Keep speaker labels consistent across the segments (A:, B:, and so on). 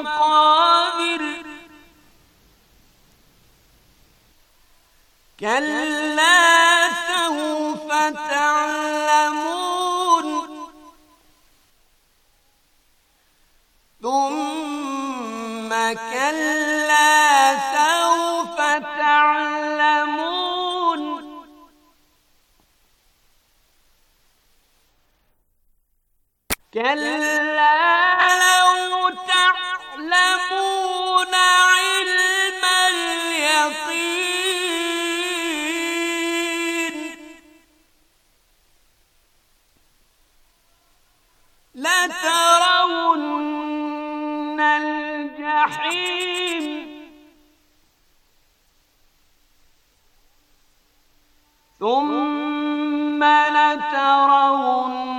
A: مقادر كلا ترونها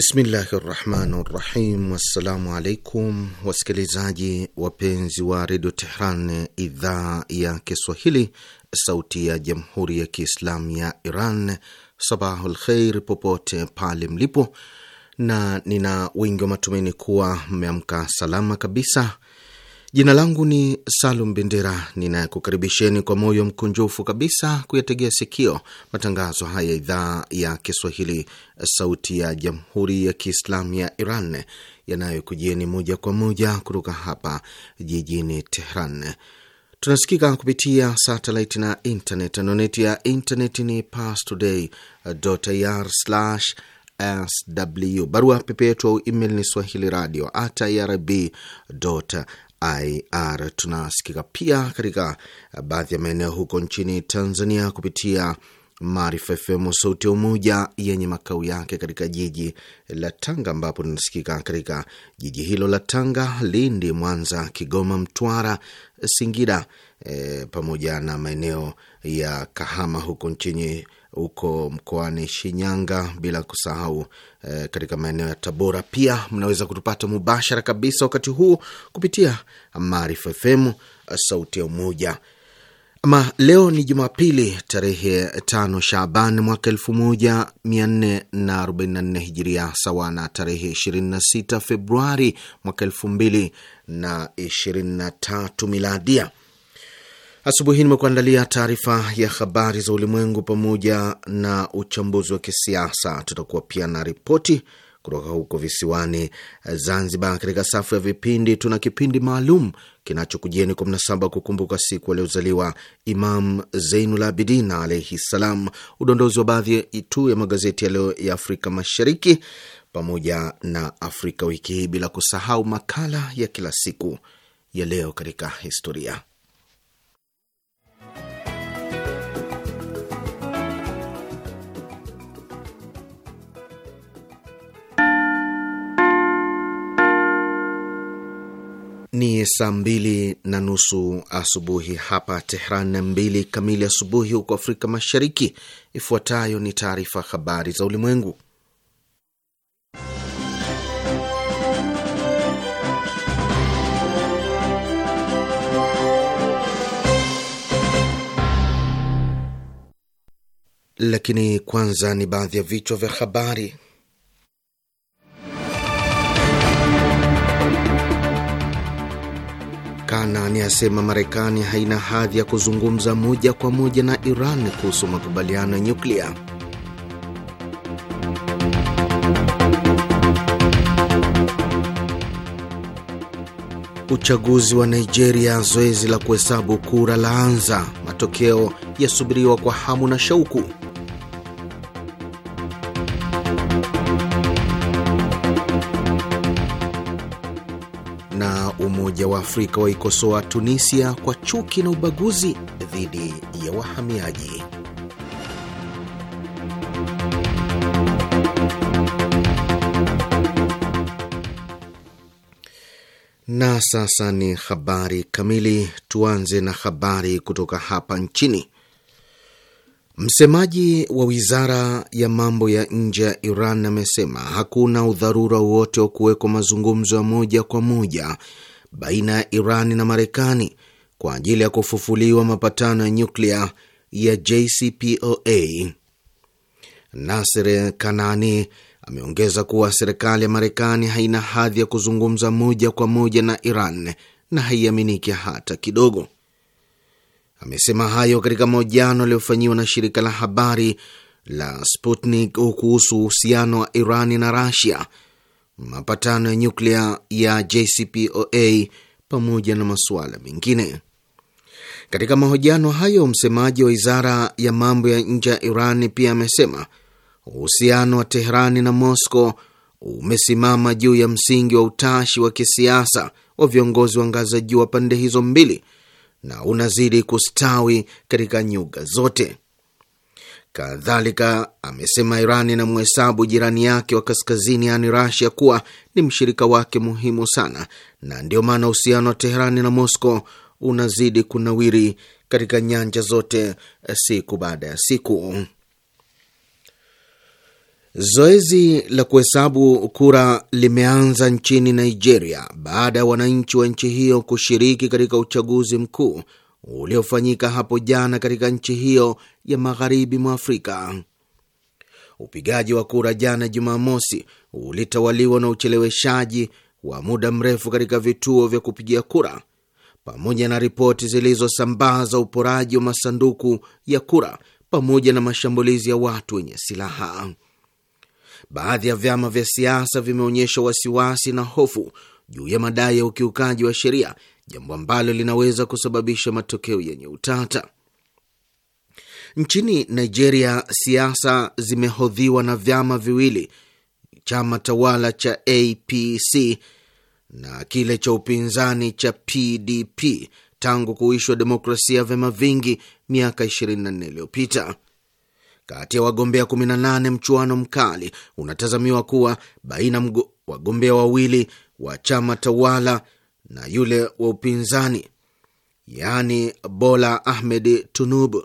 B: Bismillahi rahmani rahim. Wassalamu alaikum wasikilizaji wapenzi wa redio Tehran, idhaa ya Kiswahili, sauti ya jamhuri ya kiislamu ya Iran. Sabahul kheir popote pale mlipo, na nina wingi wa matumaini kuwa mmeamka salama kabisa Jina langu ni Salum Bendera, ninayekukaribisheni kwa moyo mkunjufu kabisa kuyategea sikio matangazo haya ya idhaa ya Kiswahili, Sauti ya Jamhuri ya Kiislamu ya Iran, yanayokujieni moja kwa moja kutoka hapa jijini Tehran. Tunasikika kupitia satelit na internet. Anoneti ya internet ni parstoday.ir/sw. Barua pepe yetu au email ni swahili radio at irib IR. Tunasikika pia katika uh, baadhi ya maeneo huko nchini Tanzania kupitia Maarifa FM sauti ya Umoja yenye makao yake katika jiji la Tanga, ambapo tunasikika katika jiji hilo la Tanga, Lindi, Mwanza, Kigoma, Mtwara, Singida e, pamoja na maeneo ya Kahama huko nchini huko mkoani Shinyanga, bila kusahau e, katika maeneo ya Tabora. Pia mnaweza kutupata mubashara kabisa wakati huu kupitia Maarifa FM, eh, sauti ya Umoja. Ama leo ni Jumapili tarehe tano Shaban mwaka elfu moja mia nne na arobaini na nne hijiria sawa na tarehe sita Februari mwaka elfu mbili na ishirini na tatu miladia. Asubuhi nimekuandalia taarifa ya habari za ulimwengu pamoja na uchambuzi wa kisiasa. Tutakuwa pia na ripoti kutoka huko visiwani Zanzibar. Katika safu ya vipindi, tuna kipindi maalum kinachokujieni kwa mnasaba kukumbuka siku aliozaliwa Imam Zeinul Abidin alaihi ssalam, udondozi wa baadhi tu ya magazeti yaliyo ya Afrika Mashariki pamoja na Afrika wiki hii, bila kusahau makala ya kila siku ya leo katika historia. Ni saa mbili na nusu asubuhi hapa Tehran na mbili kamili asubuhi huko Afrika Mashariki. Ifuatayo ni taarifa habari za ulimwengu, lakini kwanza ni baadhi ya vichwa vya habari. Kanani asema Marekani haina hadhi ya kuzungumza moja kwa moja na Iran kuhusu makubaliano ya nyuklia. Uchaguzi wa Nigeria, zoezi la kuhesabu kura laanza, matokeo yasubiriwa kwa hamu na shauku. Afrika waikosoa Tunisia kwa chuki na ubaguzi dhidi ya wahamiaji. Na sasa ni habari kamili. Tuanze na habari kutoka hapa nchini. Msemaji wa wizara ya mambo ya nje ya Iran amesema hakuna udharura wowote wa kuwekwa mazungumzo ya moja kwa moja baina ya Iran na Marekani kwa ajili ya kufufuliwa mapatano ya nyuklia ya JCPOA. Nasir Kanani ameongeza kuwa serikali ya Marekani haina hadhi ya kuzungumza moja kwa moja na Iran na haiaminiki hata kidogo. Amesema hayo katika mahojiano aliyofanyiwa na shirika la habari la Sputnik kuhusu uhusiano wa Irani na Rasia mapatano ya nyuklia ya JCPOA pamoja na masuala mengine. Katika mahojiano hayo, msemaji wa wizara ya mambo ya nje ya Iran pia amesema uhusiano wa Teherani na Moscow umesimama juu ya msingi wa utashi wa kisiasa wa viongozi wa ngazi ya juu wa pande hizo mbili na unazidi kustawi katika nyuga zote. Kadhalika amesema Iran inamhesabu jirani yake wa kaskazini, yaani Rasia, kuwa ni mshirika wake muhimu sana, na ndio maana uhusiano wa Teherani na Mosco unazidi kunawiri katika nyanja zote eh, siku baada ya siku. Zoezi la kuhesabu kura limeanza nchini Nigeria baada ya wananchi wa nchi hiyo kushiriki katika uchaguzi mkuu uliofanyika hapo jana katika nchi hiyo ya magharibi mwa Afrika. Upigaji wa kura jana Jumamosi ulitawaliwa na ucheleweshaji wa muda mrefu katika vituo vya kupigia kura pamoja na ripoti zilizosambaza uporaji wa masanduku ya kura pamoja na mashambulizi ya watu wenye silaha. Baadhi ya vyama vya siasa vimeonyesha wasiwasi na hofu juu ya madai ya ukiukaji wa sheria jambo ambalo linaweza kusababisha matokeo yenye utata. Nchini Nigeria, siasa zimehodhiwa na vyama viwili, chama tawala cha APC na kile cha upinzani cha PDP tangu kuishwa demokrasia vyama vingi miaka 24 iliyopita. Kati ya wagombea 18, mchuano mkali unatazamiwa kuwa baina wagombea wawili wa chama tawala na yule wa upinzani, yaani Bola Ahmed Tinubu,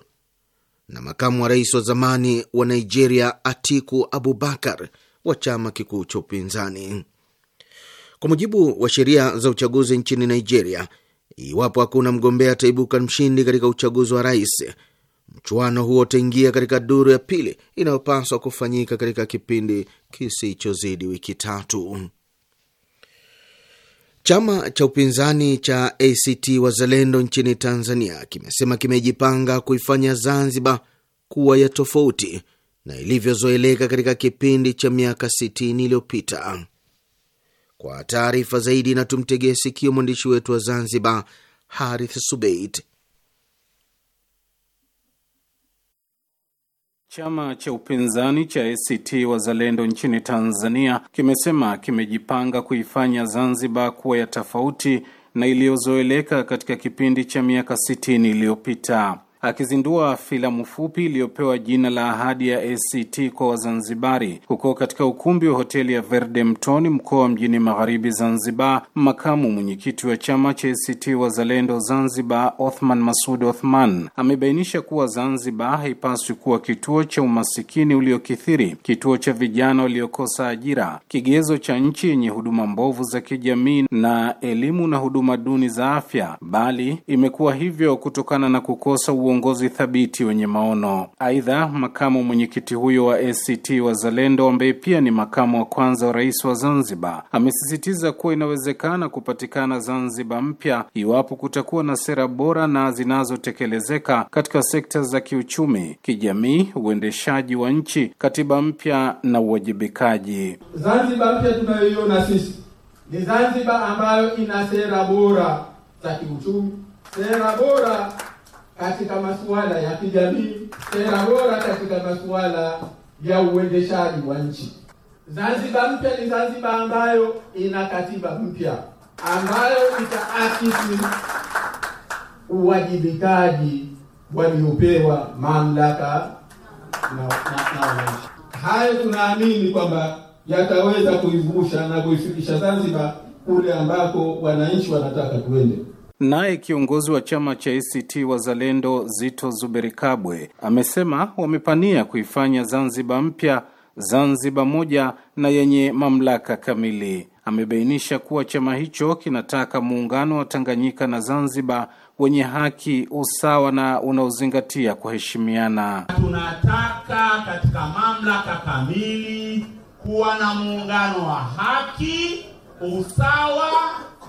B: na makamu wa rais wa zamani wa Nigeria Atiku Abubakar wa chama kikuu cha upinzani. Kwa mujibu wa sheria za uchaguzi nchini Nigeria, iwapo hakuna mgombea ataibuka mshindi katika uchaguzi wa rais, mchuano huo utaingia katika duru ya pili inayopaswa kufanyika katika kipindi kisichozidi wiki tatu. Chama cha upinzani cha ACT Wazalendo nchini Tanzania kimesema kimejipanga kuifanya Zanzibar kuwa ya tofauti na ilivyozoeleka katika kipindi cha miaka 60 iliyopita. Kwa taarifa zaidi, na tumtegee sikio mwandishi wetu wa Zanzibar, Harith Subeit.
C: Chama cha upinzani cha ACT Wazalendo nchini Tanzania kimesema kimejipanga kuifanya Zanzibar kuwa ya tofauti na iliyozoeleka katika kipindi cha miaka sitini iliyopita akizindua filamu fupi iliyopewa jina la Ahadi ya ACT kwa Wazanzibari huko katika ukumbi wa hoteli ya Verde Mtoni, mkoa wa Mjini Magharibi, Zanzibar. Makamu mwenyekiti wa chama cha ACT Wazalendo Zanzibar, Othman Masud Othman, amebainisha kuwa Zanzibar haipaswi kuwa kituo cha umasikini uliokithiri, kituo cha vijana waliokosa ajira, kigezo cha nchi yenye huduma mbovu za kijamii na elimu na huduma duni za afya, bali imekuwa hivyo kutokana na kukosa uongozi uongozi thabiti wenye maono. Aidha, makamu mwenyekiti huyo wa ACT Wazalendo ambaye pia ni makamu wa kwanza wa rais wa Zanzibar amesisitiza kuwa inawezekana kupatikana Zanzibar mpya iwapo kutakuwa na sera bora na zinazotekelezeka katika sekta za kiuchumi, kijamii, uendeshaji wa nchi, katiba mpya na uwajibikaji. Zanzibar mpya tunayoiona sisi ni Zanzibar ambayo ina sera bora za kiuchumi, sera bora katika masuala ya kijamii, tena bora katika masuala ya uendeshaji wa nchi. Zanzibar mpya ni Zanzibar ambayo ina katiba mpya ambayo itaakisi uwajibikaji waliopewa mamlaka na wananchi. Hayo tunaamini kwamba yataweza kuivusha na kuifikisha Zanzibar kule ambako wananchi wanataka tuende. Naye kiongozi wa chama cha ACT Wazalendo Zito Zuberi Kabwe amesema wamepania kuifanya Zanzibar mpya Zanzibar moja na yenye mamlaka kamili. Amebainisha kuwa chama hicho kinataka muungano wa Tanganyika na Zanzibar wenye haki, usawa na unaozingatia kuheshimiana. Tunataka katika mamlaka kamili kuwa na muungano wa haki, usawa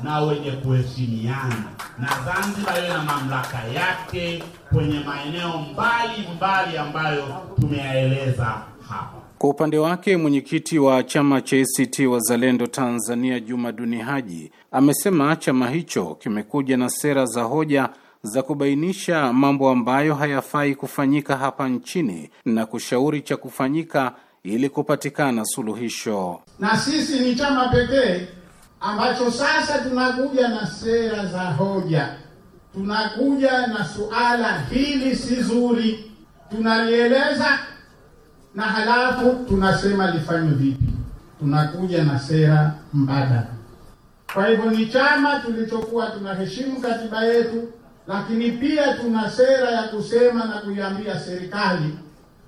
C: na wenye kuheshimiana, na Zanzibar iwe na mamlaka yake kwenye maeneo mbali mbali ambayo tumeyaeleza hapa. Kwa upande wake mwenyekiti wa chama cha ACT Wazalendo Tanzania, Juma Duni Haji, amesema chama hicho kimekuja na sera za hoja za kubainisha mambo ambayo hayafai kufanyika hapa nchini na kushauri cha kufanyika ili kupatikana suluhisho. Na sisi ni chama pekee ambacho sasa tunakuja na sera za hoja, tunakuja na suala hili si zuri, tunalieleza na halafu tunasema lifanywe vipi, tunakuja na sera mbadala. Kwa hivyo ni chama tulichokuwa tunaheshimu katiba yetu, lakini pia tuna sera ya kusema na kuiambia serikali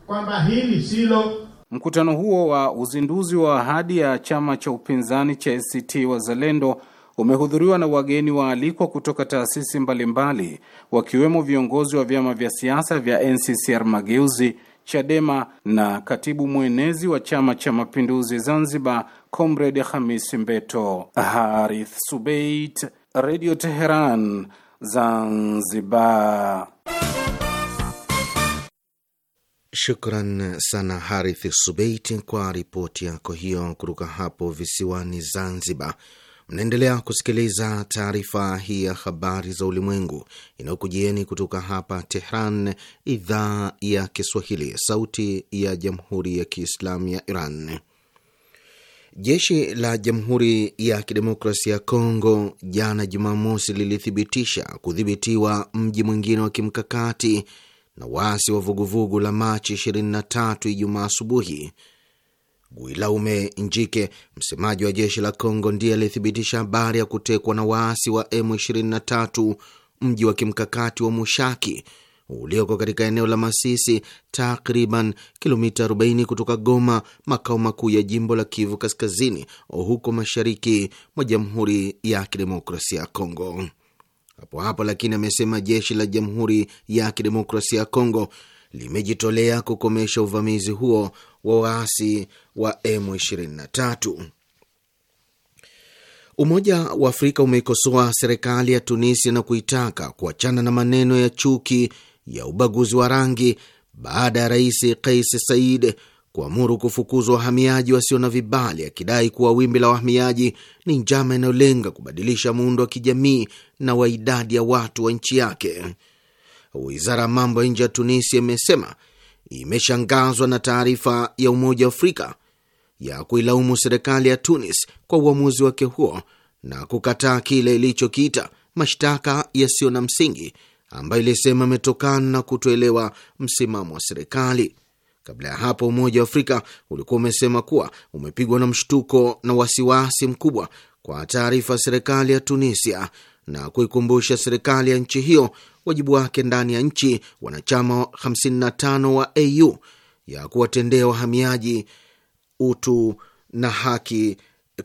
C: kwamba hili silo Mkutano huo wa uzinduzi wa ahadi ya chama cha upinzani cha ACT Wazalendo umehudhuriwa na wageni waalikwa kutoka taasisi mbalimbali wakiwemo viongozi wa vyama vya siasa vya NCCR Mageuzi, Chadema na katibu mwenezi wa Chama cha Mapinduzi Zanzibar, Comrade Hamis Mbeto. Harith Subeit, Radio Teheran, Zanzibar.
B: Shukran sana Harith subeit kwa ripoti yako hiyo kutoka hapo visiwani Zanzibar. Mnaendelea kusikiliza taarifa hii ya habari za ulimwengu inayokujieni kutoka hapa Tehran, idhaa ya Kiswahili, sauti ya jamhuri ya kiislamu ya Iran. Jeshi la Jamhuri ya Kidemokrasia ya Kongo jana Jumamosi lilithibitisha kudhibitiwa mji mwingine wa kimkakati na waasi wa vuguvugu la Machi 23 Ijumaa asubuhi. Guilaume Njike, msemaji wa jeshi la congo ndiye alithibitisha habari ya kutekwa na waasi wa M23 mji wa kimkakati wa Mushaki ulioko katika eneo la Masisi, takriban kilomita 40 kutoka Goma, makao makuu ya jimbo la Kivu Kaskazini, huko mashariki mwa Jamhuri ya Kidemokrasia ya congo hapo hapo lakini amesema jeshi la Jamhuri ya Kidemokrasia ya Kongo limejitolea kukomesha uvamizi huo wa waasi wa M23. Umoja wa Afrika umeikosoa serikali ya Tunisia na kuitaka kuachana na maneno ya chuki ya ubaguzi wa rangi baada ya Rais Kais Saied kuamuru kufukuzwa wahamiaji wasio na vibali, akidai kuwa wimbi la wahamiaji ni njama inayolenga kubadilisha muundo wa kijamii na wa idadi ya watu wa nchi yake. Wizara ya mambo ya nje ya Tunisia imesema imeshangazwa na taarifa ya Umoja wa Afrika ya kuilaumu serikali ya Tunis kwa uamuzi wake huo na kukataa kile ilichokiita mashtaka yasiyo na msingi ambayo ilisema imetokana na kutoelewa msimamo wa serikali. Kabla ya hapo, Umoja wa Afrika ulikuwa umesema kuwa umepigwa na mshtuko na wasiwasi mkubwa kwa taarifa ya serikali ya Tunisia na kuikumbusha serikali ya nchi hiyo wajibu wake ndani ya nchi wanachama 55 wa AU ya kuwatendea wahamiaji utu na haki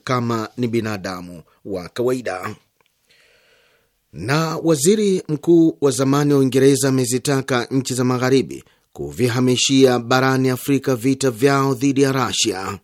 B: kama ni binadamu wa kawaida. Na waziri mkuu wa zamani wa Uingereza amezitaka nchi za magharibi kuvihamishia barani Afrika vita vyao dhidi ya rasia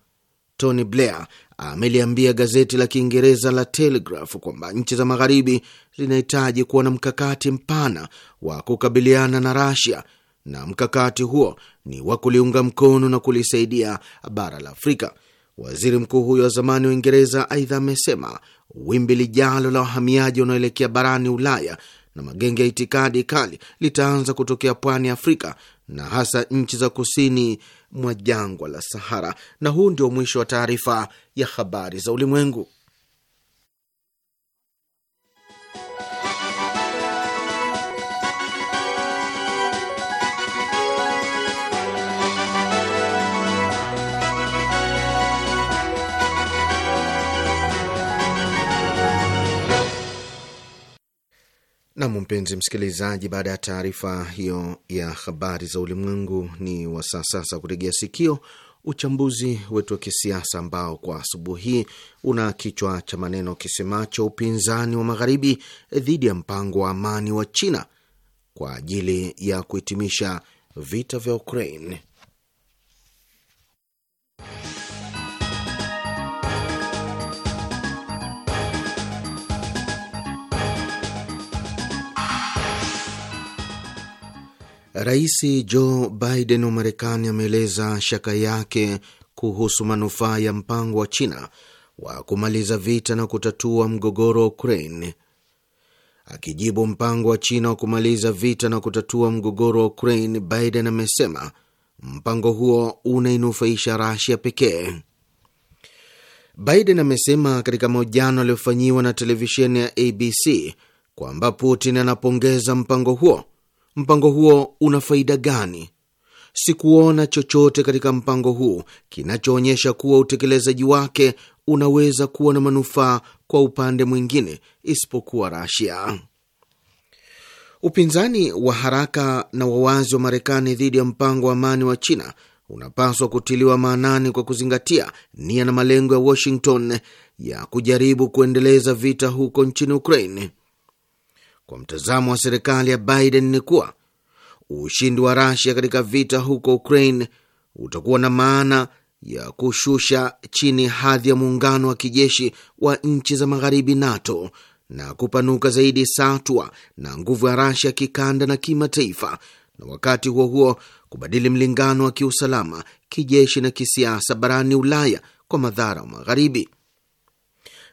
B: Tony Blair ameliambia gazeti la Kiingereza la Telegraph kwamba nchi za magharibi zinahitaji kuwa na mkakati mpana wa kukabiliana na rasia na mkakati huo ni wa kuliunga mkono na kulisaidia bara la Afrika. Waziri mkuu huyo wa zamani wa Uingereza aidha amesema wimbi lijalo la wahamiaji wanaoelekea barani Ulaya na magenge ya itikadi kali litaanza kutokea pwani ya Afrika na hasa nchi za kusini mwa jangwa la Sahara. Na huu ndio mwisho wa taarifa ya habari za ulimwengu. Nam, mpenzi msikilizaji, baada ya taarifa hiyo ya habari za ulimwengu, ni wasaa sasa kutegea sikio uchambuzi wetu wa kisiasa ambao kwa asubuhi hii una kichwa cha maneno kisemacho upinzani wa magharibi dhidi ya mpango wa amani wa China kwa ajili ya kuhitimisha vita vya Ukraine. Rais Joe Biden wa Marekani ameeleza shaka yake kuhusu manufaa ya mpango wa China wa kumaliza vita na kutatua mgogoro wa Ukraine. Akijibu mpango wa China wa kumaliza vita na kutatua mgogoro wa Ukraine, Biden amesema mpango huo unainufaisha Rasia pekee. Biden amesema katika mahojiano aliyofanyiwa na televisheni ya ABC kwamba Putin anapongeza mpango huo mpango huo una faida gani? Sikuona chochote katika mpango huu kinachoonyesha kuwa utekelezaji wake unaweza kuwa na manufaa kwa upande mwingine isipokuwa Rasia. Upinzani wa haraka na wawazi wa Marekani dhidi ya mpango wa amani wa China unapaswa kutiliwa maanani kwa kuzingatia nia na malengo ya Washington ya kujaribu kuendeleza vita huko nchini Ukraine kwa mtazamo wa serikali ya Biden ni kuwa ushindi wa Rasia katika vita huko Ukraine utakuwa na maana ya kushusha chini hadhi ya muungano wa kijeshi wa nchi za magharibi NATO na kupanuka zaidi satwa na nguvu ya Rasia kikanda na kimataifa, na wakati huo huo kubadili mlingano wa kiusalama, kijeshi na kisiasa barani Ulaya kwa madhara wa magharibi.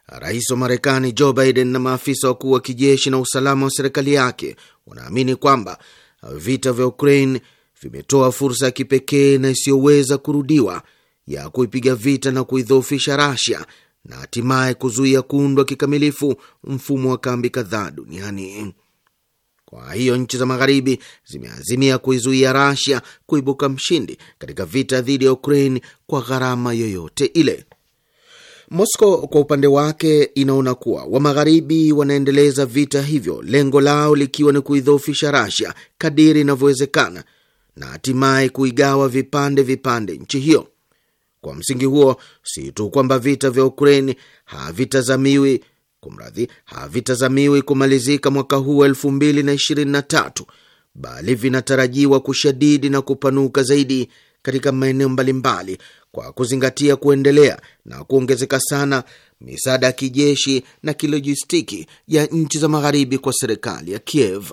B: Rais wa Marekani Joe Biden na maafisa wakuu wa kijeshi na usalama wa serikali yake wanaamini kwamba vita vya Ukraine vimetoa fursa ya kipekee na isiyoweza kurudiwa ya kuipiga vita na kuidhoofisha Rasia na hatimaye kuzuia kuundwa kikamilifu mfumo wa kambi kadhaa duniani. Kwa hiyo nchi za Magharibi zimeazimia kuizuia Rasia kuibuka mshindi katika vita dhidi ya Ukraine kwa gharama yoyote ile. Moscow kwa upande wake inaona kuwa wa magharibi wanaendeleza vita hivyo, lengo lao likiwa ni kuidhoofisha Rasia kadiri inavyowezekana na hatimaye kuigawa vipande vipande nchi hiyo. Kwa msingi huo, si tu kwamba vita vya Ukraini havitazamiwi kumradhi, havitazamiwi kumalizika mwaka huu elfu mbili na ishirini na tatu, bali vinatarajiwa kushadidi na kupanuka zaidi katika maeneo mbalimbali kwa kuzingatia kuendelea na kuongezeka sana misaada ya kijeshi na kilojistiki ya nchi za magharibi kwa serikali ya Kiev.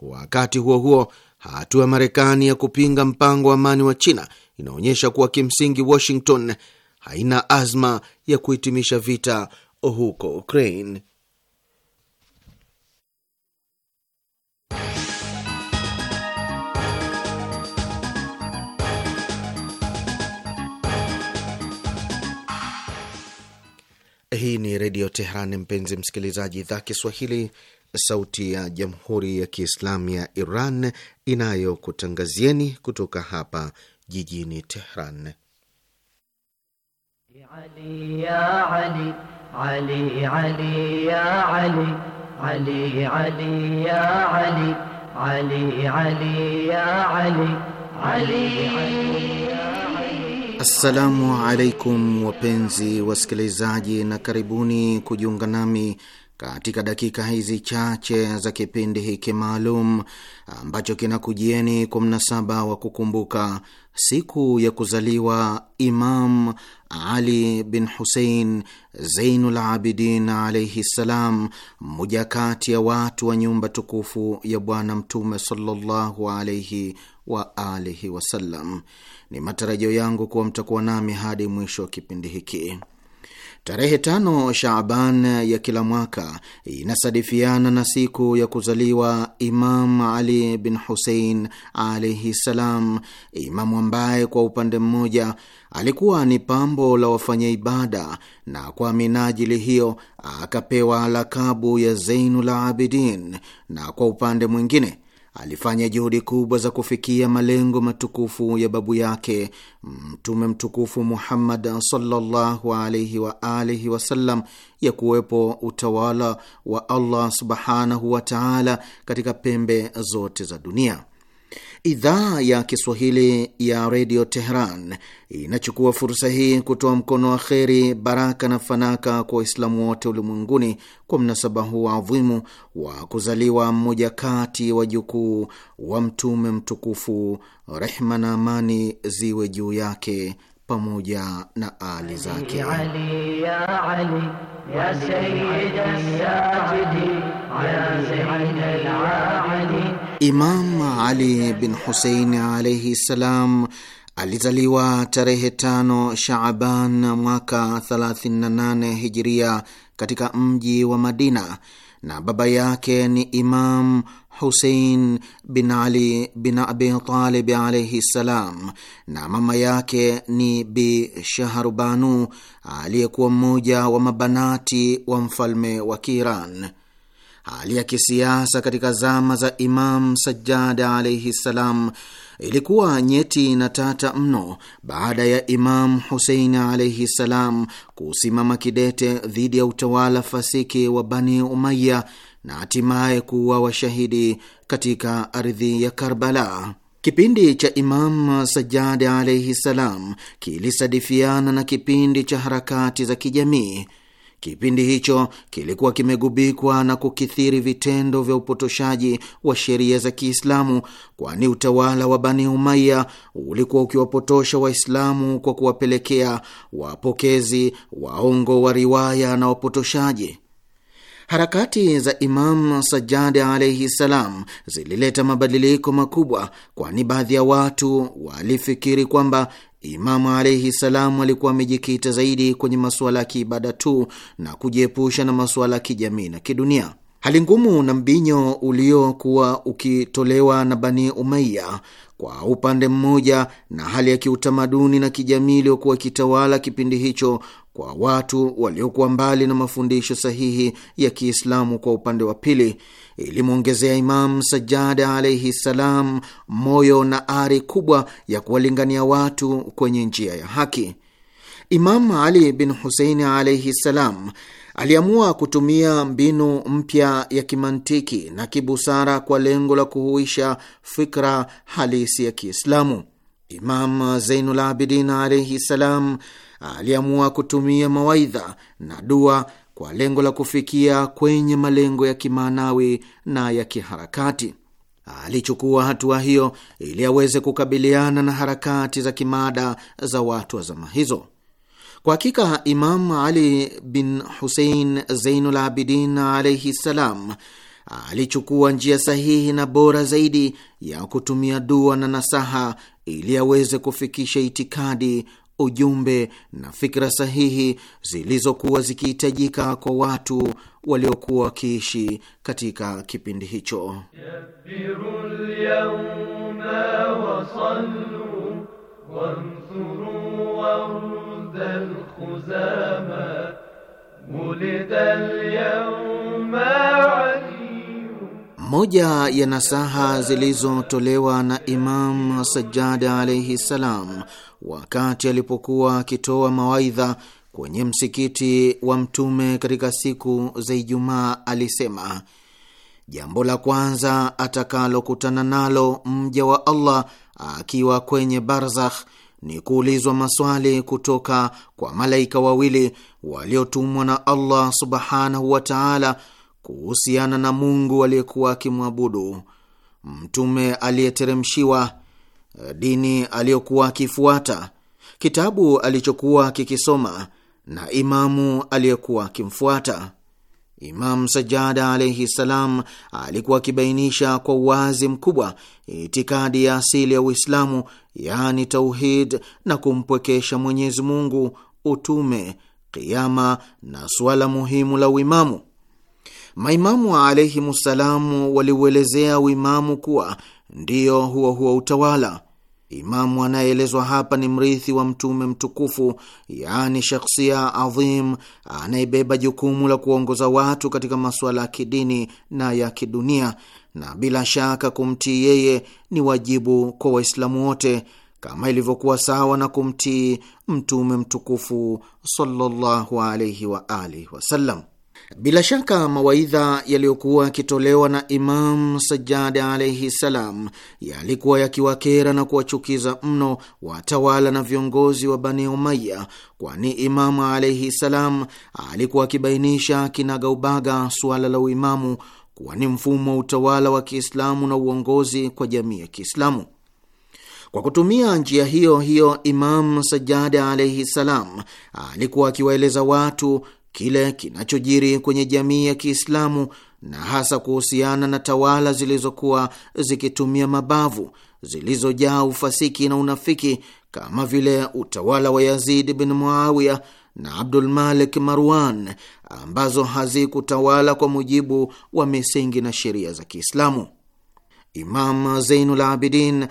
B: Wakati huo huo, hatua ya Marekani ya kupinga mpango wa amani wa China inaonyesha kuwa kimsingi Washington haina azma ya kuhitimisha vita huko Ukraine. Hii ni Redio teheran mpenzi msikilizaji, idhaa Kiswahili, sauti ya Jamhuri ya Kiislamu ya Iran inayokutangazieni kutoka hapa jijini Tehran.
A: Ali ya Ali, Ali, Ali ya Ali, Ali, Ali ya Ali, Ali, Ali ya Ali, Ali, Ali ya
B: Assalamu alaikum wapenzi wasikilizaji, na karibuni kujiunga nami katika dakika hizi chache za kipindi hiki maalum ambacho kinakujieni kwa mnasaba wa kukumbuka siku ya kuzaliwa Imam Ali bin Husein Zeinul Abidin alaihi ssalam, mmoja kati ya watu wa nyumba tukufu ya Bwana Mtume sallallahu alaihi wa alihi wasallam. Ni matarajio yangu kuwa mtakuwa nami hadi mwisho wa kipindi hiki. Tarehe tano Shaaban ya kila mwaka inasadifiana na siku ya kuzaliwa Imam Ali bin Husein alaihi salam, imamu ambaye kwa upande mmoja alikuwa ni pambo la wafanya ibada na kwa minajili hiyo akapewa lakabu ya Zeinul Abidin, na kwa upande mwingine alifanya juhudi kubwa za kufikia malengo matukufu ya babu yake Mtume mtukufu Muhammad sallallahu alaihi wa alihi wasallam ya kuwepo utawala wa Allah subhanahu wa taala katika pembe zote za dunia. Idhaa ya Kiswahili ya Redio Teheran inachukua fursa hii kutoa mkono wa kheri, baraka na fanaka kwa Waislamu wote ulimwenguni kwa mnasaba huu adhimu wa kuzaliwa mmoja kati jukuu wa Mtume mtukufu, rehma na amani ziwe juu yake pamoja na ali zake. Imam Ali bin Husein alaihi ssalam alizaliwa tarehe tano Shaaban mwaka 38 hijiria katika mji wa Madina, na baba yake ni Imam Husein bin Ali bin Abi Talib alaihi ssalam, na mama yake ni Bi Shahrubanu aliyekuwa mmoja wa mabanati wa mfalme wa Kiiran. Hali ya kisiasa katika zama za Imam Sajjad alaihi ssalam ilikuwa nyeti na tata mno baada ya Imam Husein alaihi ssalam kusimama kidete dhidi ya utawala fasiki wa Bani Umaya na hatimaye kuwa washahidi katika ardhi ya Karbala. Kipindi cha Imam Sajjadi alaihi ssalam kilisadifiana na kipindi cha harakati za kijamii Kipindi hicho kilikuwa kimegubikwa na kukithiri vitendo vya upotoshaji wa sheria za Kiislamu, kwani utawala wa Bani Umaya ulikuwa ukiwapotosha Waislamu kwa kuwapelekea wapokezi waongo wa riwaya na wapotoshaji. Harakati za Imam Sajadi alaihi ssalam zilileta mabadiliko makubwa, kwani baadhi ya watu walifikiri kwamba Imamu alaihi salamu alikuwa amejikita zaidi kwenye masuala ya kiibada tu na kujiepusha na masuala ya kijamii na kidunia. Hali ngumu na mbinyo uliokuwa ukitolewa na Bani Umaiya kwa upande mmoja, na hali ya kiutamaduni na kijamii iliyokuwa ikitawala kipindi hicho kwa watu waliokuwa mbali na mafundisho sahihi ya Kiislamu kwa upande wa pili ilimwongezea Imamu Sajada alaihi ssalam moyo na ari kubwa ya kuwalingania watu kwenye njia ya haki. Imam Ali bin Huseini alaihi ssalam aliamua kutumia mbinu mpya ya kimantiki na kibusara kwa lengo la kuhuisha fikra halisi ya Kiislamu. Imam Zeinul Abidin alaihi ssalam aliamua kutumia mawaidha na dua kwa lengo la kufikia kwenye malengo ya kimaanawi na ya kiharakati. Alichukua hatua hiyo ili aweze kukabiliana na harakati za kimada za watu wa zama hizo. Kwa hakika Imam Ali bin Husein Zeinul Abidin alaihi ssalam alichukua njia sahihi na bora zaidi ya kutumia dua na nasaha ili aweze kufikisha itikadi ujumbe na fikra sahihi zilizokuwa zikihitajika kwa watu waliokuwa wakiishi katika kipindi hicho. Moja ya nasaha zilizotolewa na Imam Sajjad alaihi salam wakati alipokuwa akitoa mawaidha kwenye msikiti wa Mtume katika siku za Ijumaa alisema, jambo la kwanza atakalokutana nalo mja wa Allah akiwa kwenye barzakh ni kuulizwa maswali kutoka kwa malaika wawili waliotumwa na Allah subhanahu wa taala kuhusiana na Mungu aliyekuwa akimwabudu. Mtume aliyeteremshiwa dini aliyokuwa akifuata, kitabu alichokuwa kikisoma na imamu aliyekuwa akimfuata. Imamu Sajada alaihi ssalam alikuwa akibainisha kwa uwazi mkubwa itikadi ya asili ya Uislamu, yaani tauhid, na kumpwekesha Mwenyezi Mungu, utume, kiama na suala muhimu la uimamu. Maimamu ssalamu waliuelezea uimamu kuwa ndio huo huo utawala. Imamu anayeelezwa hapa ni mrithi wa Mtume mtukufu, yaani shakhsia adhim anayebeba jukumu la kuongoza watu katika masuala ya kidini na ya kidunia, na bila shaka kumtii yeye ni wajibu kwa Waislamu wote kama ilivyokuwa sawa na kumtii Mtume mtukufu sallallahu alaihi wa alihi wasallam. Bila shaka mawaidha yaliyokuwa yakitolewa na Imam Sajjadi alaihi salam yalikuwa yakiwakera na kuwachukiza mno watawala na viongozi wa Bani Umaya, kwani Imamu alaihi salam alikuwa akibainisha kinagaubaga suala la uimamu kuwa ni mfumo wa utawala wa Kiislamu na uongozi kwa jamii ya Kiislamu. Kwa kutumia njia hiyo hiyo, Imam Sajjadi alaihi salam alikuwa akiwaeleza watu kile kinachojiri kwenye jamii ya Kiislamu na hasa kuhusiana na tawala zilizokuwa zikitumia mabavu zilizojaa ufasiki na unafiki kama vile utawala wa Yazid bin Muawiya na Abdul Malik Marwan ambazo hazikutawala kwa mujibu wa misingi na sheria za Kiislamu. Imam Zeinul Abidin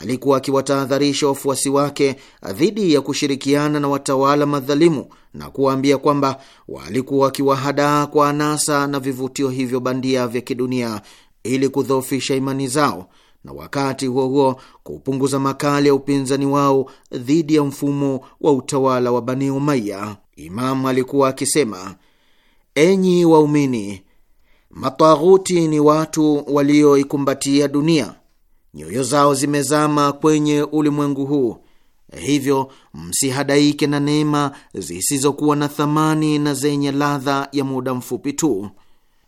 B: alikuwa akiwatahadharisha wafuasi wake dhidi ya kushirikiana na watawala madhalimu na kuwaambia kwamba walikuwa wakiwahadaa kwa anasa na vivutio hivyo bandia vya kidunia ili kudhoofisha imani zao na wakati huo huo kupunguza makali ya upinzani wao dhidi ya mfumo wa utawala wa Bani Umaya. Imam alikuwa akisema, enyi waumini Mataghuti ni watu walioikumbatia dunia, nyoyo zao zimezama kwenye ulimwengu huu. Hivyo msihadaike na neema zisizokuwa na thamani na zenye ladha ya muda mfupi tu.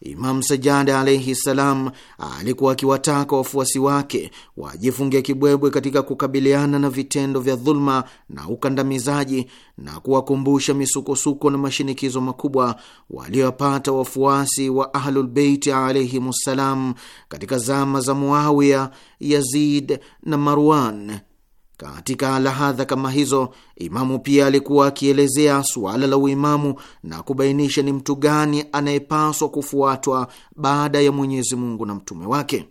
B: Imam Sajadi alaihi ssalam alikuwa akiwataka wafuasi wake wajifungia kibwebwe katika kukabiliana na vitendo vya dhuluma na ukandamizaji na kuwakumbusha misukosuko na mashinikizo makubwa waliopata wafuasi wa Ahlulbeiti alaihim katika zama za Muawiya, Yazid na Marwan. Katika lahadha kama hizo, imamu pia alikuwa akielezea suala la uimamu na kubainisha ni mtu gani anayepaswa kufuatwa baada ya Mwenyezi Mungu na mtume wake.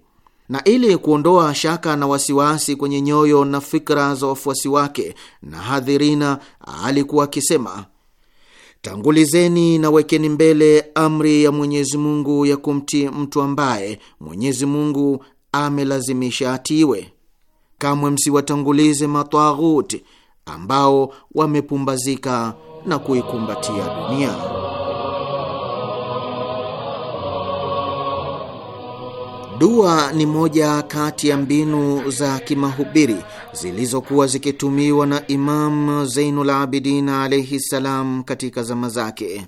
B: Na ili kuondoa shaka na wasiwasi kwenye nyoyo na fikra za wafuasi wake na hadhirina, alikuwa akisema Tangulizeni na wekeni mbele amri ya Mwenyezi Mungu ya kumtii mtu ambaye Mwenyezi Mungu amelazimisha atiiwe kamwe msiwatangulize matwaghuti ambao wamepumbazika na kuikumbatia dunia. Dua ni moja kati ya mbinu za kimahubiri zilizokuwa zikitumiwa na Imam Zeinul Abidin alaihi ssalam katika zama zake.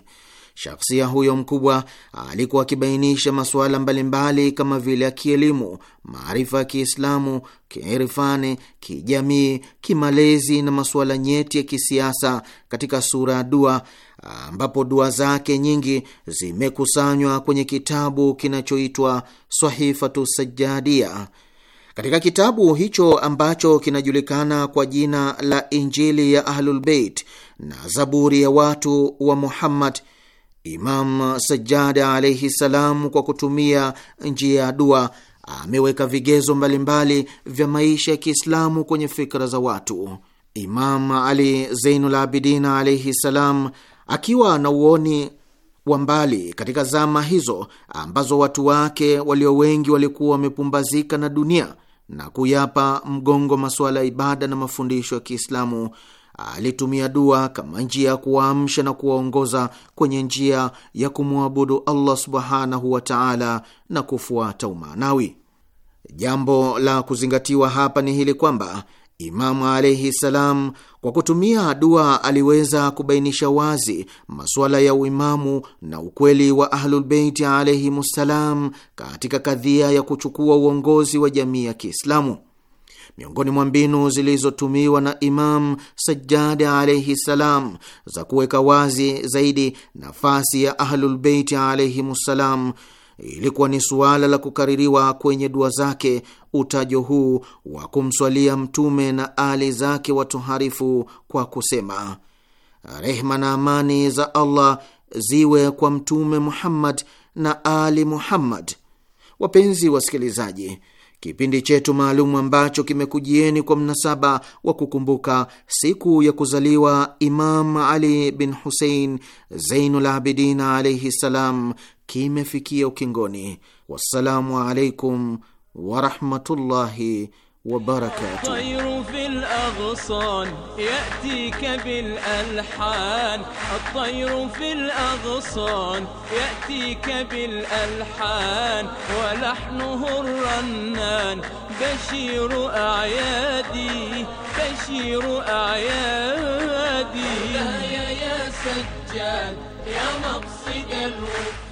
B: Shaksia huyo mkubwa alikuwa akibainisha masuala mbalimbali kama vile ya kielimu, maarifa ya Kiislamu, kiirfani, kijamii, kimalezi na masuala nyeti ya kisiasa katika sura ya dua, ambapo dua zake nyingi zimekusanywa kwenye kitabu kinachoitwa Sahifatu Sajadia. Katika kitabu hicho ambacho kinajulikana kwa jina la Injili ya Ahlulbeit na Zaburi ya watu wa Muhammad Imam Sajjad alaihi salam, kwa kutumia njia ya dua ameweka vigezo mbalimbali vya maisha ya Kiislamu kwenye fikra za watu. Imam Ali Zeinul Abidin alaihi salam, akiwa na uoni wa mbali katika zama hizo ambazo watu wake walio wengi walikuwa wamepumbazika na dunia na kuyapa mgongo masuala ya ibada na mafundisho ya Kiislamu alitumia dua kama njia ya kuwaamsha na kuwaongoza kwenye njia ya kumwabudu Allah subhanahu wa taala na kufuata umaanawi. Jambo la kuzingatiwa hapa ni hili kwamba Imamu alaihi salam kwa kutumia dua aliweza kubainisha wazi masuala ya uimamu na ukweli wa Ahlulbeiti alaihimussalam ssalam katika kadhia ya kuchukua uongozi wa jamii ya Kiislamu. Miongoni mwa mbinu zilizotumiwa na Imam Sajjadi alaihi ssalam za kuweka wazi zaidi nafasi ya Ahlulbeiti ssalam ilikuwa ni suala la kukaririwa kwenye dua zake utajo huu wa kumswalia Mtume na ali zake watoharifu kwa kusema: rehma na amani za Allah ziwe kwa Mtume Muhammad na ali Muhammad. Wapenzi wasikilizaji kipindi chetu maalumu ambacho kimekujieni kwa mnasaba wa kukumbuka siku ya kuzaliwa Imam Ali bin Husein Zainul Abidin alaihi ssalam kimefikia ukingoni. Wassalamu alaikum warahmatullahi وبركاته
A: الطير في الأغصان يأتيك بالألحان الطير في الأغصان يأتيك بالألحان ولحنه الرنان بشير أعيادي بشير أعيادي يا يا سجاد يا مقصد الوفاء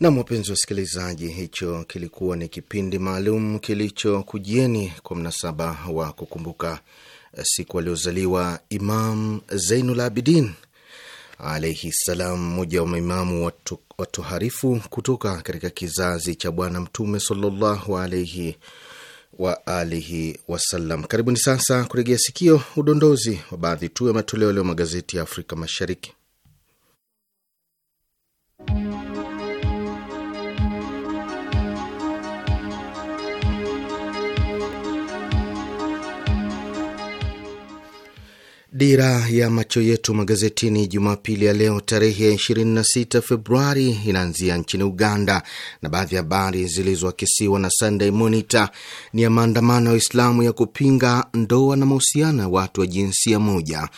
B: Nam, wapenzi wasikilizaji, hicho kilikuwa ni kipindi maalum kilichokujieni kwa mnasaba wa kukumbuka eh, siku aliozaliwa Imam Zainul Abidin alaihi ssalam, mmoja wa maimamu watu, watuharifu kutoka katika kizazi cha Bwana Mtume sallallahu alaihi wa alihi wasallam. Karibuni sasa kuregea sikio udondozi wa baadhi tu ya matoleo leo magazeti ya Afrika Mashariki. Dira ya macho yetu magazetini Jumapili ya leo tarehe ya 26 Februari inaanzia nchini Uganda, na baadhi ya habari zilizoakisiwa na Sunday Monitor ni ya maandamano ya Waislamu ya kupinga ndoa na mahusiano ya watu wa jinsia moja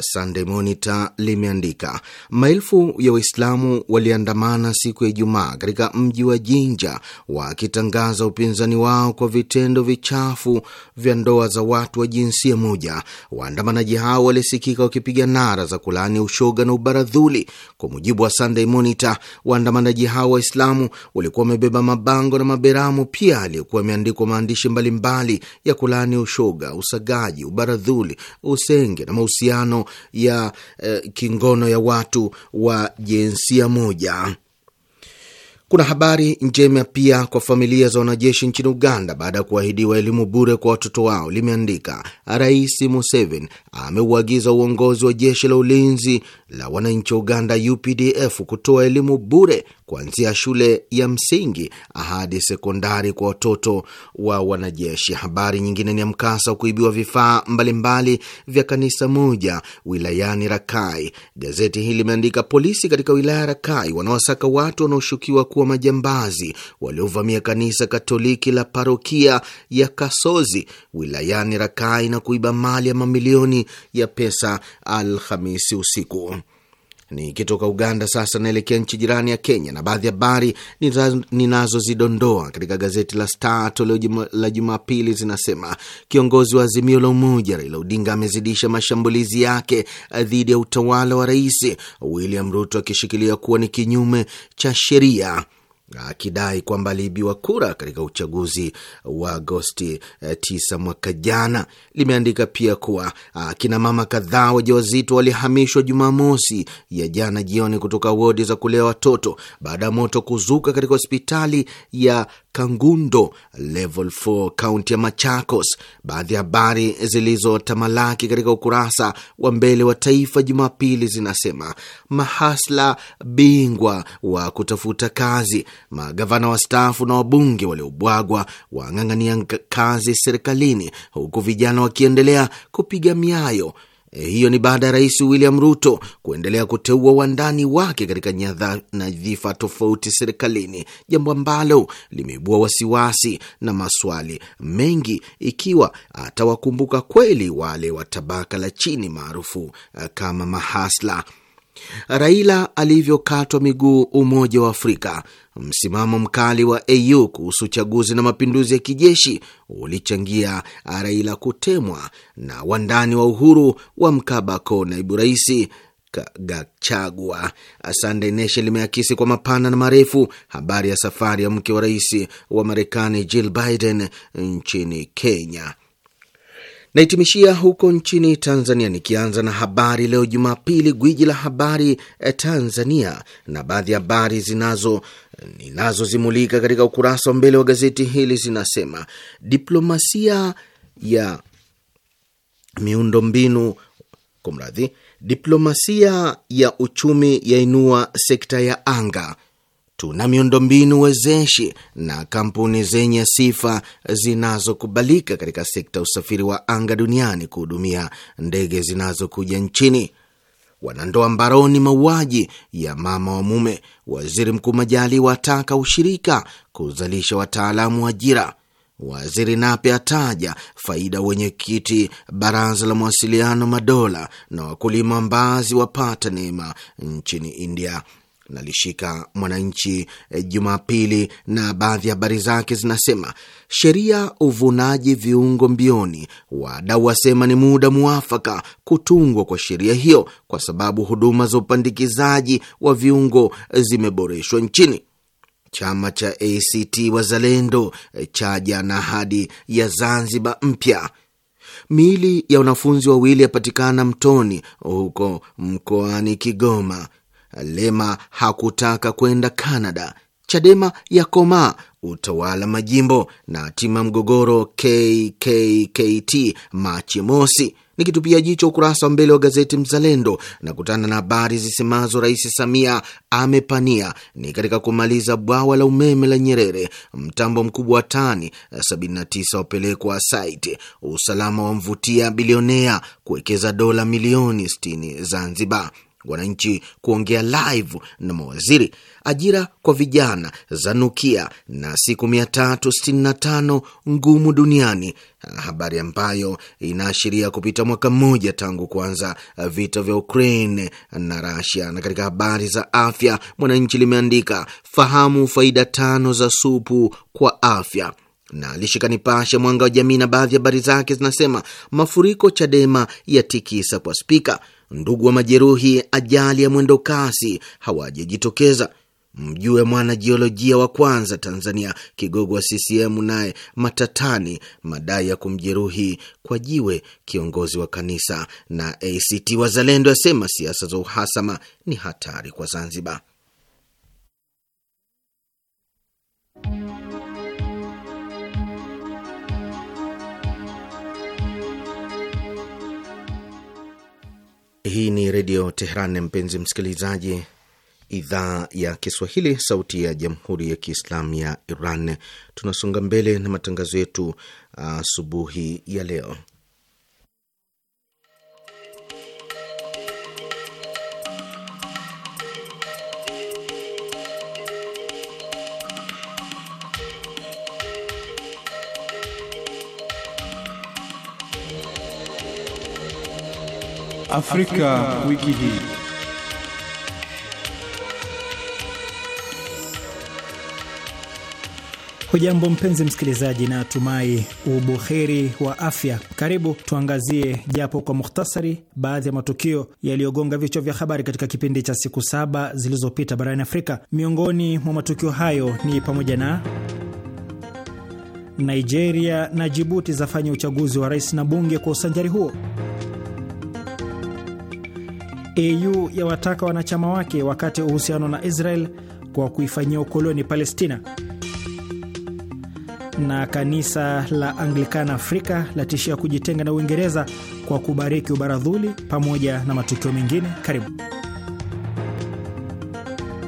B: Sunday Monitor limeandika maelfu ya Waislamu waliandamana siku ya Ijumaa katika mji wa Jinja wakitangaza upinzani wao kwa vitendo vichafu vya ndoa za watu wa jinsia moja. Waandamanaji hao walisikika wakipiga nara za kulaani ushoga na ubaradhuli. Kwa mujibu wa Sunday Monitor, waandamanaji hao Waislamu walikuwa wamebeba mabango na maberamu pia aliyokuwa ameandikwa maandishi mbalimbali ya kulaani ushoga, usagaji, ubaradhuli, usenge na mahusiano ya eh, kingono ya watu wa jinsia moja. Kuna habari njema pia kwa familia za wanajeshi nchini Uganda baada ya kuahidiwa elimu bure kwa watoto wao, limeandika. Rais Museveni ameuagiza uongozi wa jeshi la ulinzi la wananchi wa Uganda, UPDF, kutoa elimu bure kuanzia shule ya msingi hadi sekondari kwa watoto wa wanajeshi. Habari nyingine ni ya mkasa wa kuibiwa vifaa mbalimbali vya kanisa moja wilayani Rakai. Gazeti hili limeandika, polisi katika wilaya ya Rakai wanawasaka watu wanaoshukiwa kuwa majambazi waliovamia kanisa Katoliki la parokia ya Kasozi wilayani Rakai na kuiba mali ya mamilioni ya pesa Alhamisi usiku. Nikitoka Uganda sasa naelekea nchi jirani ya Kenya, na baadhi ya habari ninazozidondoa katika gazeti la Star toleo la Jumapili zinasema kiongozi wa Azimio la Umoja Raila Odinga amezidisha mashambulizi yake dhidi ya utawala wa Rais William Ruto, akishikilia kuwa ni kinyume cha sheria akidai kwamba aliibiwa kura katika uchaguzi wa Agosti 9 eh, mwaka jana. Limeandika pia kuwa akina ah, mama kadhaa wajawazito walihamishwa Jumamosi ya jana jioni kutoka wodi za kulea watoto baada ya moto kuzuka katika hospitali ya Kangundo, level 4 kaunti ya Machakos. Baadhi ya habari zilizotamalaki katika ukurasa wa mbele wa Taifa Jumapili zinasema mahasla bingwa wa kutafuta kazi, magavana wastaafu na wabunge waliobwagwa wang'ang'ania kazi serikalini, huku vijana wakiendelea kupiga miayo E, hiyo ni baada ya Rais William Ruto kuendelea kuteua wandani wake katika nyadhifa tofauti serikalini, jambo ambalo limeibua wasiwasi na maswali mengi, ikiwa atawakumbuka kweli wale wa tabaka la chini maarufu e, kama mahasla. Raila alivyokatwa miguu Umoja wa Afrika. Msimamo mkali wa AU kuhusu uchaguzi na mapinduzi ya kijeshi ulichangia Raila kutemwa na wandani wa Uhuru wa Mkabako, naibu raisi Gachagua. Sunday Nation limeakisi kwa mapana na marefu habari ya safari ya mke wa rais wa Marekani Jill Biden nchini Kenya naitimishia huko nchini Tanzania, nikianza na habari leo Jumapili, gwiji la habari e, Tanzania, na baadhi ya habari zinazo ninazozimulika katika ukurasa wa mbele wa gazeti hili zinasema: diplomasia ya miundombinu kumradhi, diplomasia ya uchumi yainua sekta ya anga tuna miundombinu wezeshi na kampuni zenye sifa zinazokubalika katika sekta ya usafiri wa anga duniani kuhudumia ndege zinazokuja nchini. Wanandoa mbaroni mauaji ya mama wa mume. Waziri Mkuu majali wataka ushirika kuzalisha wataalamu wa ajira. Waziri Nape ataja faida wenyekiti baraza la mawasiliano madola, na wakulima wa mbaazi wapata neema nchini India nalishika Mwananchi eh, Jumapili na baadhi ya habari zake zinasema: sheria uvunaji viungo mbioni, wadau wasema ni muda muwafaka kutungwa kwa sheria hiyo kwa sababu huduma za upandikizaji wa viungo eh, zimeboreshwa nchini. Chama cha ACT Wazalendo eh, chaja na hadi ya Zanzibar mpya. Miili ya wanafunzi wawili yapatikana mtoni huko mkoani Kigoma. Lema hakutaka kwenda Canada. Chadema ya koma utawala majimbo na hatima mgogoro KKKT Machi mosi. Nikitupia jicho ukurasa wa mbele wa gazeti Mzalendo na kutana na habari zisemazo Rais Samia amepania ni katika kumaliza bwawa la umeme la Nyerere, mtambo mkubwa wa tani 79 wapelekwa saiti, usalama wamvutia bilionea kuwekeza dola milioni 60 Zanzibar wananchi kuongea live na mawaziri, ajira kwa vijana za nukia na siku 365 ngumu duniani, habari ambayo inaashiria kupita mwaka mmoja tangu kuanza vita vya Ukraine na Rasia. Na katika habari za afya, Mwananchi limeandika fahamu faida tano za supu kwa afya na alishika Nipashe, Mwanga wa Jamii na baadhi ya habari zake zinasema mafuriko Chadema yatikisa kwa spika ndugu wa majeruhi ajali ya mwendo kasi hawajajitokeza. Mjue mwanajiolojia wa kwanza Tanzania, kigogo wa CCM naye matatani, madai ya kumjeruhi kwa jiwe kiongozi wa kanisa. Na ACT Wazalendo asema siasa za uhasama ni hatari kwa Zanzibar. Hii ni Redio teheran mpenzi msikilizaji, idhaa ya Kiswahili, sauti ya jamhuri ya kiislamu ya Iran. Tunasonga mbele na matangazo yetu uh, asubuhi uh, ya leo
C: Afrika, wiki hii.
D: Hujambo mpenzi msikilizaji, na tumai ubuheri wa afya. Karibu tuangazie japo kwa muhtasari baadhi ya matukio yaliyogonga vichwa vya habari katika kipindi cha siku saba zilizopita barani Afrika. Miongoni mwa matukio hayo ni pamoja na Nigeria na Jibuti zafanya uchaguzi wa rais na bunge kwa usanjari huo AU yawataka wanachama wake wa uhusiano na Israel kwa kuifanyia ukoloni Palestina. Na kanisa la Anglikana Afrika latishia kujitenga na Uingereza kwa kubariki ubaradhuli, pamoja na matukio mengine. Karibu.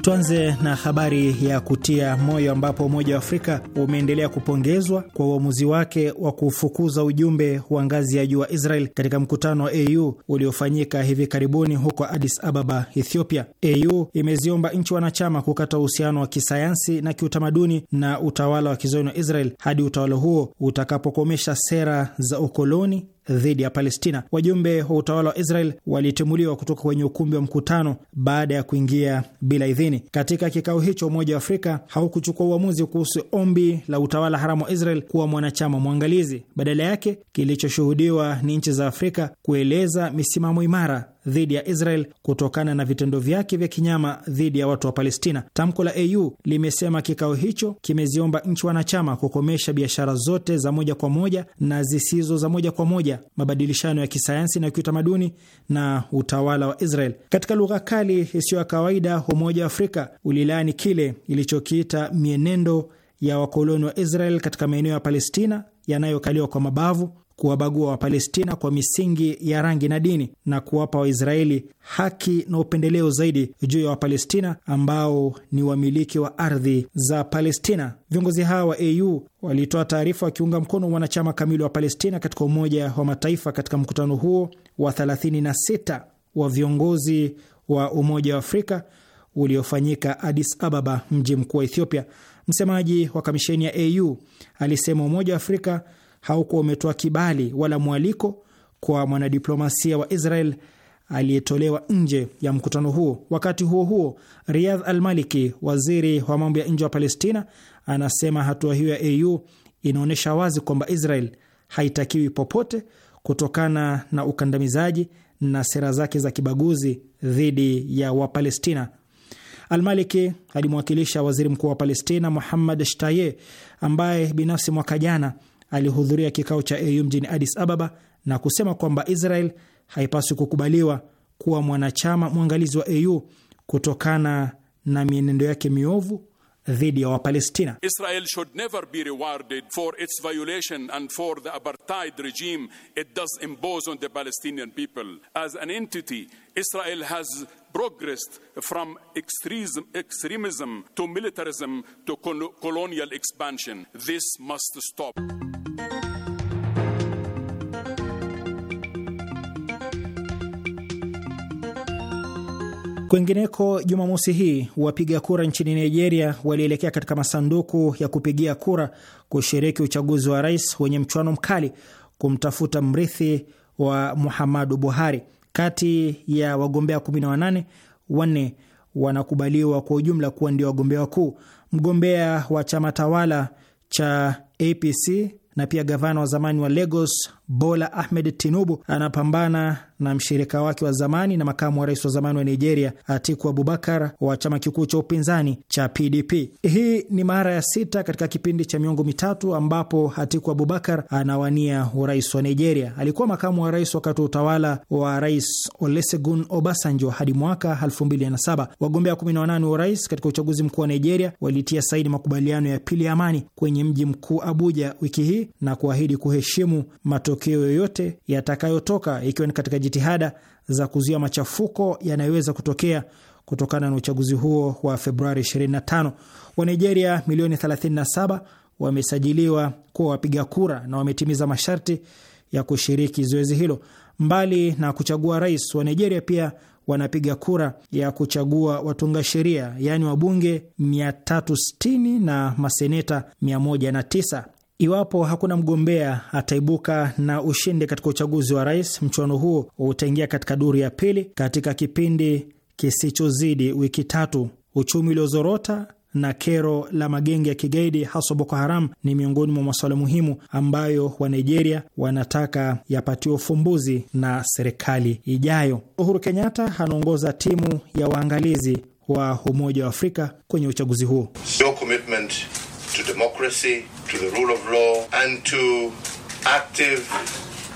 D: Tuanze na habari ya kutia moyo ambapo Umoja wa Afrika umeendelea kupongezwa kwa uamuzi wake wa kufukuza ujumbe wa ngazi ya juu wa Israel katika mkutano wa AU uliofanyika hivi karibuni huko Addis Ababa, Ethiopia. AU imeziomba nchi wanachama kukata uhusiano wa kisayansi na kiutamaduni na utawala wa kizoni wa Israel hadi utawala huo utakapokomesha sera za ukoloni dhidi ya Palestina. Wajumbe wa utawala wa Israel walitimuliwa kutoka kwenye ukumbi wa mkutano baada ya kuingia bila idhini. Katika kikao hicho, Umoja wa Afrika haukuchukua uamuzi kuhusu ombi la utawala haramu wa Israel kuwa mwanachama mwangalizi. Badala yake, kilichoshuhudiwa ni nchi za Afrika kueleza misimamo imara dhidi ya Israel kutokana na vitendo vyake vya kinyama dhidi ya watu wa Palestina. Tamko la AU limesema kikao hicho kimeziomba nchi wanachama kukomesha biashara zote za moja kwa moja na zisizo za moja kwa moja, mabadilishano ya kisayansi na kiutamaduni na utawala wa Israel. Katika lugha kali isiyo ya kawaida, Umoja wa Afrika ulilaani kile ilichokiita mienendo ya wakoloni wa Israel katika maeneo ya Palestina yanayokaliwa kwa mabavu kuwabagua Wapalestina kwa misingi ya rangi na dini na kuwapa Waisraeli haki na upendeleo zaidi juu ya Wapalestina ambao ni wamiliki wa ardhi za Palestina. Viongozi hawa wa AU walitoa taarifa wakiunga mkono wanachama kamili wa Palestina katika Umoja wa Mataifa katika mkutano huo wa 36 wa viongozi wa Umoja wa Afrika uliofanyika Addis Ababa, mji mkuu wa Ethiopia. Msemaji wa kamisheni ya AU alisema Umoja wa Afrika haukuwa umetoa kibali wala mwaliko kwa mwanadiplomasia wa Israel aliyetolewa nje ya mkutano huo. Wakati huo huo, Riyadh Al-Maliki, waziri wa mambo ya nje wa Palestina, anasema hatua hiyo ya AU inaonyesha wazi kwamba Israel haitakiwi popote kutokana na ukandamizaji na sera zake za kibaguzi dhidi ya Wapalestina. Almaliki alimwakilisha waziri mkuu wa Palestina Muhammad Shtaye ambaye binafsi mwaka jana alihudhuria kikao cha AU mjini Addis Ababa na kusema kwamba Israel haipaswi kukubaliwa kuwa mwanachama mwangalizi wa AU kutokana na mienendo yake miovu dhidi ya Wapalestina.
C: Israel should never be rewarded for its violation and for the apartheid regime it does impose on the Palestinian people. As an entity, Israel has progressed from extremism, extremism to militarism to colonial expansion. This must stop.
D: Kwingineko, Jumamosi hii wapiga kura nchini Nigeria walielekea katika masanduku ya kupigia kura kushiriki uchaguzi wa rais wenye mchuano mkali kumtafuta mrithi wa Muhammadu Buhari. Kati ya wagombea 18 wanne wanakubaliwa kwa ujumla kuwa ndio wagombea wakuu. Mgombea wa chama tawala cha APC na pia gavana wa zamani wa Lagos Bola Ahmed Tinubu anapambana na mshirika wake wa zamani na makamu wa rais wa zamani wa Nigeria, Atiku Abubakar wa chama kikuu cha upinzani cha PDP. Hii ni mara ya sita katika kipindi cha miongo mitatu ambapo Atiku Abubakar anawania urais wa Nigeria. Alikuwa makamu wa rais wakati wa utawala wa Rais Olusegun Obasanjo hadi mwaka 2007. Wagombea 18 wa urais katika uchaguzi mkuu wa Nigeria walitia saini makubaliano ya pili ya amani kwenye mji mkuu Abuja wiki hii na kuahidi kuheshimu matokeo matokeo yoyote yatakayotoka, ikiwa ni katika jitihada za kuzuia machafuko yanayoweza kutokea kutokana na uchaguzi huo wa Februari 25. Wa Nigeria milioni 37 wamesajiliwa kuwa wapiga kura na wametimiza masharti ya kushiriki zoezi hilo. Mbali na kuchagua rais, wa Nigeria pia wanapiga kura ya kuchagua watunga sheria, yaani wabunge 360 na maseneta 109. Iwapo hakuna mgombea ataibuka na ushindi katika uchaguzi wa rais, mchuano huo utaingia katika duru ya pili katika kipindi kisichozidi wiki tatu. Uchumi uliozorota na kero la magenge ya kigaidi haswa Boko Haram ni miongoni mwa masuala muhimu ambayo Wanigeria wanataka yapatiwe ufumbuzi na serikali ijayo. Uhuru Kenyatta anaongoza timu ya waangalizi wa Umoja wa Afrika kwenye uchaguzi huo.
C: Your commitment to democracy to the rule of law, and to active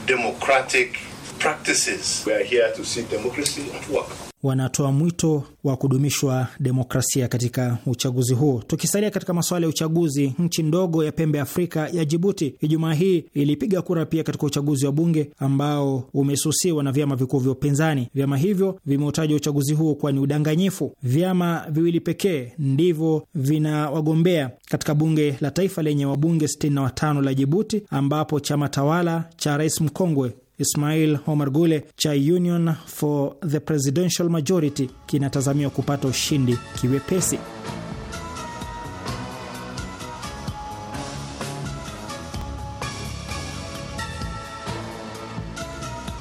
C: democratic practices. We are here to see democracy at work.
D: wanatoa mwito wa kudumishwa demokrasia katika uchaguzi huo. Tukisalia katika masuala ya uchaguzi, nchi ndogo ya pembe Afrika ya Jibuti Ijumaa hii ilipiga kura pia katika uchaguzi wa bunge ambao umesusiwa na vyama vikuu vya upinzani. Vyama hivyo vimeutaja uchaguzi huo kuwa ni udanganyifu. Vyama viwili pekee ndivyo vina wagombea katika bunge la taifa lenye wabunge 65 la Jibuti, ambapo chama tawala cha rais mkongwe Ismail Omar Gule cha Union for the Presidential Majority kinatazamiwa kupata ushindi kiwepesi.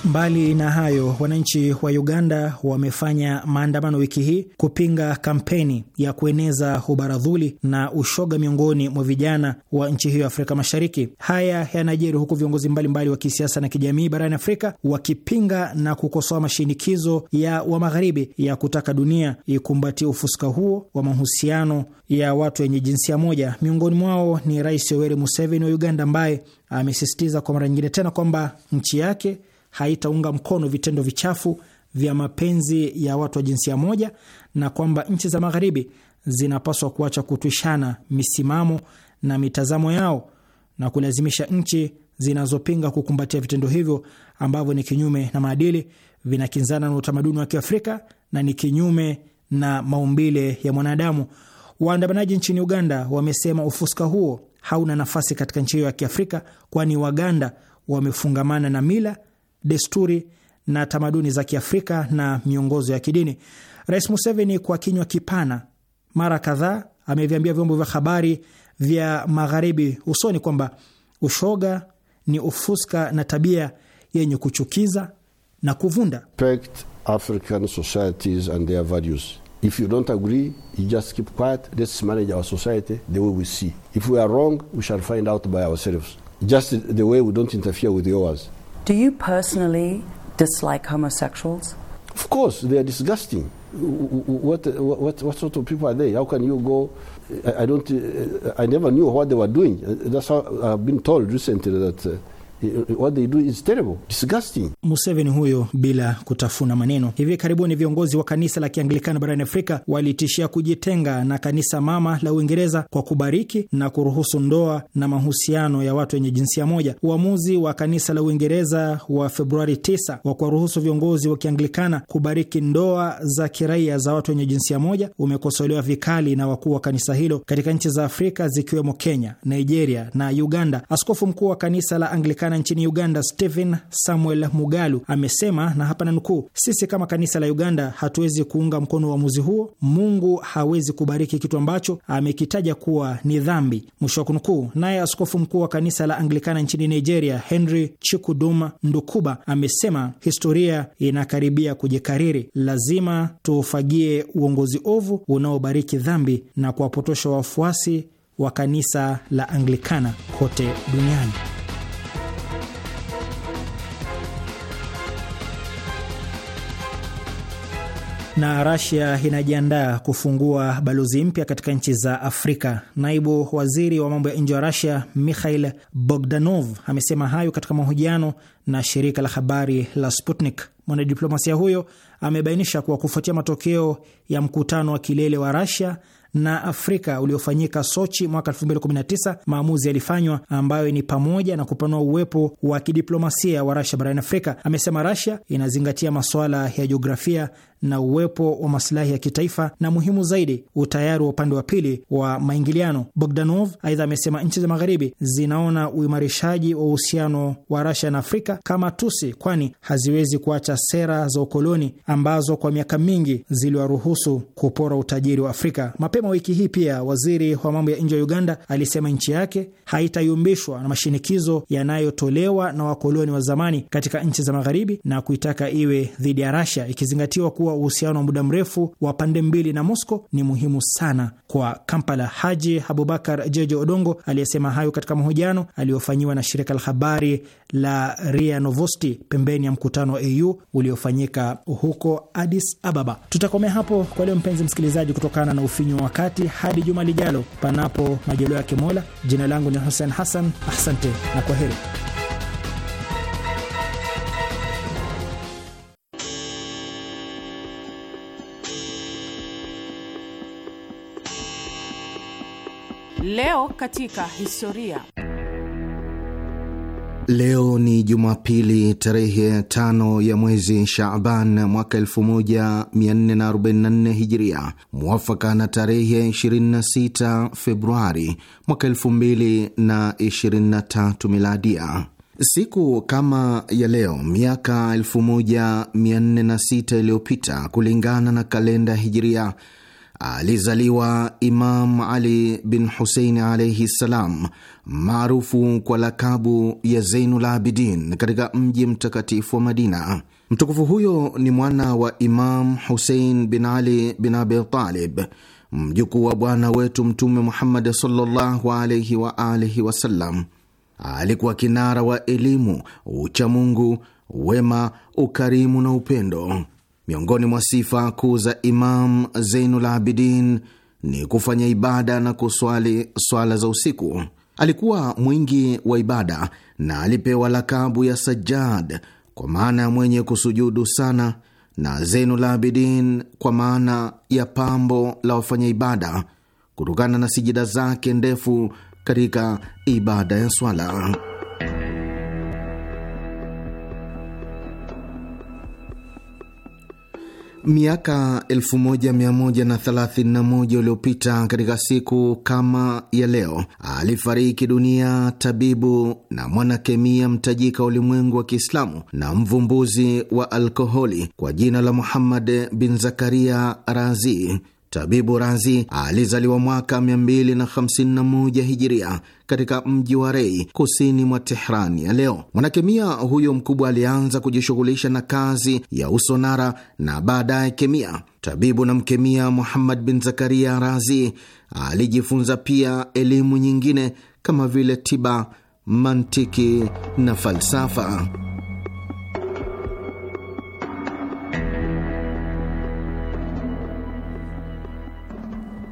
D: Mbali na hayo, wananchi wa Uganda wamefanya maandamano wiki hii kupinga kampeni ya kueneza ubaradhuli na ushoga miongoni mwa vijana wa nchi hiyo ya Afrika Mashariki. Haya yanajiri huku viongozi mbalimbali wa kisiasa na kijamii barani Afrika wakipinga na kukosoa mashinikizo ya wa Magharibi ya kutaka dunia ikumbatia ufuska huo wa mahusiano ya watu wenye jinsia moja. Miongoni mwao ni Rais Yoweri Museveni wa Uganda ambaye amesisitiza kwa mara nyingine tena kwamba nchi yake haitaunga mkono vitendo vichafu vya mapenzi ya watu wa jinsia moja na kwamba nchi za Magharibi zinapaswa kuacha kutwishana misimamo na mitazamo yao na kulazimisha nchi zinazopinga kukumbatia vitendo hivyo ambavyo ni kinyume na maadili, vinakinzana na utamaduni wa Kiafrika na ni kinyume na maumbile ya mwanadamu. Waandamanaji nchini Uganda wamesema ufuska huo hauna nafasi katika nchi hiyo ya Kiafrika, kwani Waganda wamefungamana na mila desturi na tamaduni za Kiafrika na miongozo ya kidini. Rais Museveni kwa kinywa kipana mara kadhaa ameviambia vyombo vya habari vya magharibi usoni kwamba ushoga ni ufuska na tabia yenye kuchukiza na kuvunda.
B: Respect African societies
C: and their values. If you don't agree, you just keep quiet. Let's manage our society the way we see. If we are wrong, we shall find out by ourselves. Just the way we don't interfere with yours. Do you personally dislike homosexuals? Of course, they are disgusting. What, what, what sort of people are they? How can you go? I, I don't. I never knew what they were doing. That's how I've been told recently that. Uh, what they do is terrible, disgusting.
D: Museveni huyo bila kutafuna maneno. Hivi karibuni viongozi wa kanisa la Kianglikana barani Afrika walitishia kujitenga na kanisa mama la Uingereza kwa kubariki na kuruhusu ndoa na mahusiano ya watu wenye jinsia moja. Uamuzi wa kanisa la Uingereza wa Februari 9 wa kuwaruhusu viongozi wa Kianglikana kubariki ndoa za kiraia za watu wenye jinsia moja umekosolewa vikali na wakuu wa kanisa hilo katika nchi za Afrika zikiwemo Kenya, Nigeria na Uganda. Askofu mkuu wa kanisa la Anglikana anayepatikana nchini Uganda, Stephen Samuel Mugalu, amesema na hapa nukuu, sisi kama kanisa la Uganda hatuwezi kuunga mkono uamuzi huo. Mungu hawezi kubariki kitu ambacho amekitaja kuwa ni dhambi, mwisho wa kunukuu. Naye askofu mkuu wa kanisa la Anglikana nchini Nigeria, Henry Chikuduma Ndukuba, amesema historia inakaribia kujikariri, lazima tuufagie uongozi ovu unaobariki dhambi na kuwapotosha wafuasi wa kanisa la Anglikana kote duniani. na Rasia inajiandaa kufungua balozi mpya katika nchi za Afrika. Naibu waziri wa mambo ya nje wa Rasia Mikhail Bogdanov amesema hayo katika mahojiano na shirika la habari la Sputnik. Mwanadiplomasia huyo amebainisha kuwa kufuatia matokeo ya mkutano wa kilele wa Rasia na Afrika uliofanyika Sochi mwaka 2019, maamuzi yalifanywa ambayo ni pamoja na kupanua uwepo wa kidiplomasia wa Rasia barani Afrika. Amesema Rasia inazingatia masuala ya jiografia na uwepo wa masilahi ya kitaifa na muhimu zaidi, utayari wa upande wa pili wa maingiliano. Bogdanov aidha amesema nchi za Magharibi zinaona uimarishaji wa uhusiano wa Rasia na Afrika kama tusi, kwani haziwezi kuacha sera za ukoloni ambazo kwa miaka mingi ziliwaruhusu kupora utajiri wa Afrika. Mapema wiki hii pia waziri wa mambo ya nje wa Uganda alisema nchi yake haitayumbishwa na mashinikizo yanayotolewa na wakoloni wa zamani katika nchi za Magharibi na kuitaka iwe dhidi ya rasia ikizingatiwa kuwa kuwa uhusiano wa muda mrefu wa pande mbili na mosco ni muhimu sana kwa Kampala. Haji Abubakar Jejo Odongo aliyesema hayo katika mahojiano aliyofanyiwa na shirika la habari la Ria Novosti pembeni ya mkutano wa AU uliofanyika huko adis Ababa. Tutakomea hapo kwa leo, mpenzi msikilizaji, kutokana na ufinyu wa wakati. Hadi juma lijalo, panapo majaliwa ya Kimola. Jina langu ni Hussein Hassan, asante na kwa heri.
A: Leo katika historia.
B: Leo ni Jumapili tarehe ya tano ya mwezi shaban mwaka 1444 Hijiria, mwafaka na tarehe 26 Februari mwaka 2023 Miladia. Siku kama ya leo miaka 1406 iliyopita kulingana na kalenda Hijiria alizaliwa Imam Ali bin Husein alaihi ssalam, maarufu kwa lakabu ya Zeinul Abidin, katika mji mtakatifu wa Madina. Mtukufu huyo ni mwana wa Imam Husein bin Ali bin abitalib mjukuu wa bwana wetu Mtume Muhammad sallallahu alaihi wa alihi wasallam. Alikuwa kinara wa elimu, uchamungu, wema, ukarimu na upendo. Miongoni mwa sifa kuu za Imam Zeinul Abidin ni kufanya ibada na kuswali swala za usiku. Alikuwa mwingi wa ibada na alipewa lakabu ya Sajjad kwa maana ya mwenye kusujudu sana, na Zeinul Abidin kwa maana ya pambo la wafanya ibada kutokana na sijida zake ndefu katika ibada ya swala. Miaka 1131 uliopita katika siku kama ya leo alifariki dunia tabibu na mwanakemia mtajika ulimwengu wa Kiislamu na mvumbuzi wa alkoholi kwa jina la Muhammad bin Zakaria Razi. Tabibu Razi alizaliwa mwaka 251 hijiria katika mji wa Rei kusini mwa Tehrani ya leo. Mwanakemia huyo mkubwa alianza kujishughulisha na kazi ya usonara na baadaye kemia. Tabibu na mkemia Muhammad bin Zakaria Razi alijifunza pia elimu nyingine kama vile tiba, mantiki na falsafa.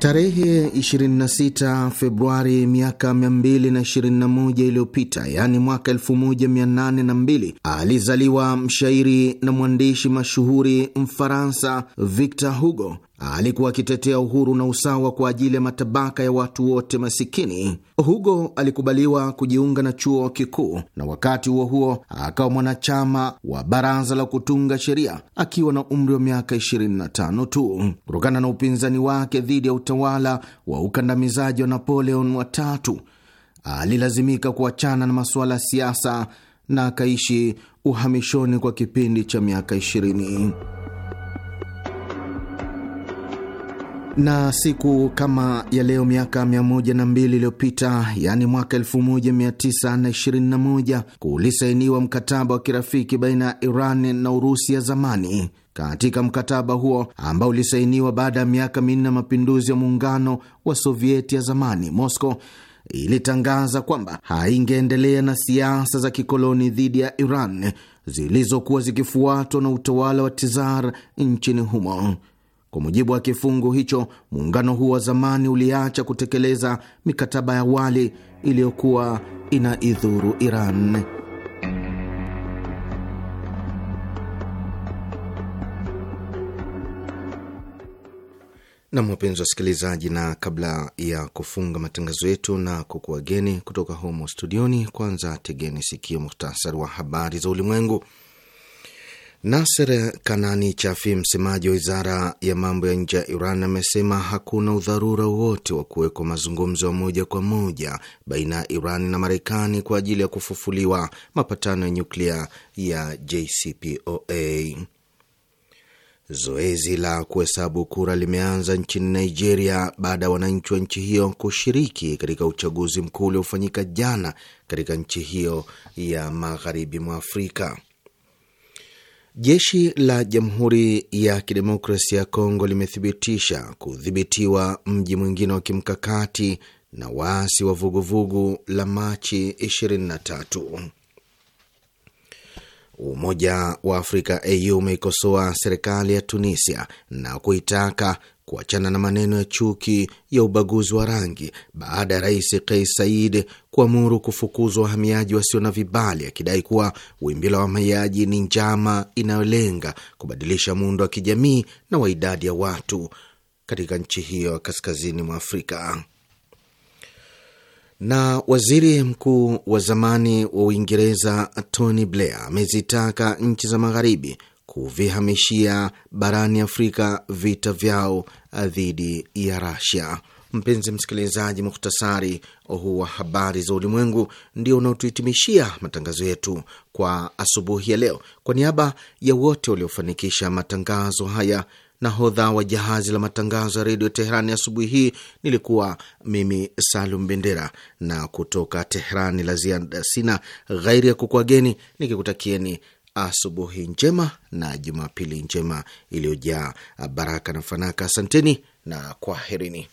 B: Tarehe 26 Februari miaka 221 iliyopita, yaani mwaka 1802, alizaliwa mshairi na mwandishi mashuhuri Mfaransa Victor Hugo alikuwa akitetea uhuru na usawa kwa ajili ya matabaka ya watu wote masikini. Hugo alikubaliwa kujiunga na chuo kikuu na wakati huo huo akawa mwanachama wa baraza la kutunga sheria akiwa na umri wa miaka 25 tu. Kutokana na upinzani wake dhidi ya utawala wa ukandamizaji wa Napoleon watatu, alilazimika kuachana na masuala ya siasa na akaishi uhamishoni kwa kipindi cha miaka 20. na siku kama ya leo miaka 102 iliyopita, yaani mwaka 1921 kulisainiwa mkataba wa kirafiki baina ya Iran na Urusi ya zamani. Katika mkataba huo ambao ulisainiwa baada ya miaka minne ya mapinduzi ya muungano wa Sovieti ya zamani, Moscow ilitangaza kwamba haingeendelea na siasa za kikoloni dhidi ya Iran zilizokuwa zikifuatwa na utawala wa Tizar nchini humo. Kwa mujibu wa kifungu hicho, muungano huo wa zamani uliacha kutekeleza mikataba ya awali iliyokuwa inaidhuru Iran. Nam, wapenzi wa wasikilizaji, na kabla ya kufunga matangazo yetu na kukuwageni kutoka humo studioni, kwanza tegeni sikio muhtasari wa habari za ulimwengu. Nasser Kanani Chafi, msemaji wa wizara ya mambo ya nje ya Iran, amesema hakuna udharura wote wa kuwekwa mazungumzo ya moja kwa moja baina ya Iran na Marekani kwa ajili ya kufufuliwa mapatano ya nyuklia ya JCPOA. Zoezi la kuhesabu kura limeanza nchini Nigeria baada ya wananchi wa nchi hiyo kushiriki katika uchaguzi mkuu uliofanyika jana katika nchi hiyo ya magharibi mwa Afrika. Jeshi la Jamhuri ya Kidemokrasia ya Kongo limethibitisha kudhibitiwa mji mwingine wa kimkakati na waasi wa vuguvugu la Machi 23. Umoja wa Afrika AU umeikosoa serikali ya Tunisia na kuitaka kuachana na maneno ya chuki ya ubaguzi wa rangi baada ya rais Kais Said kuamuru kufukuzwa wahamiaji wasio na vibali, akidai kuwa wimbi la wahamiaji ni njama inayolenga kubadilisha muundo wa kijamii na wa idadi ya watu katika nchi hiyo kaskazini mwa Afrika. Na waziri mkuu wa zamani wa Uingereza Tony Blair amezitaka nchi za magharibi kuvihamishia barani Afrika vita vyao dhidi ya Rasia. Mpenzi msikilizaji, muhtasari huu wa habari za ulimwengu ndio unaotuhitimishia matangazo yetu kwa asubuhi ya leo. Kwa niaba ya wote waliofanikisha matangazo haya, nahodha wa jahazi la matangazo ya redio Teherani asubuhi hii nilikuwa mimi Salum Bendera, na kutoka Teherani la ziada sina ghairi ya kukuageni nikikutakieni asubuhi njema na Jumapili njema iliyojaa baraka na fanaka. Asanteni na kwaherini.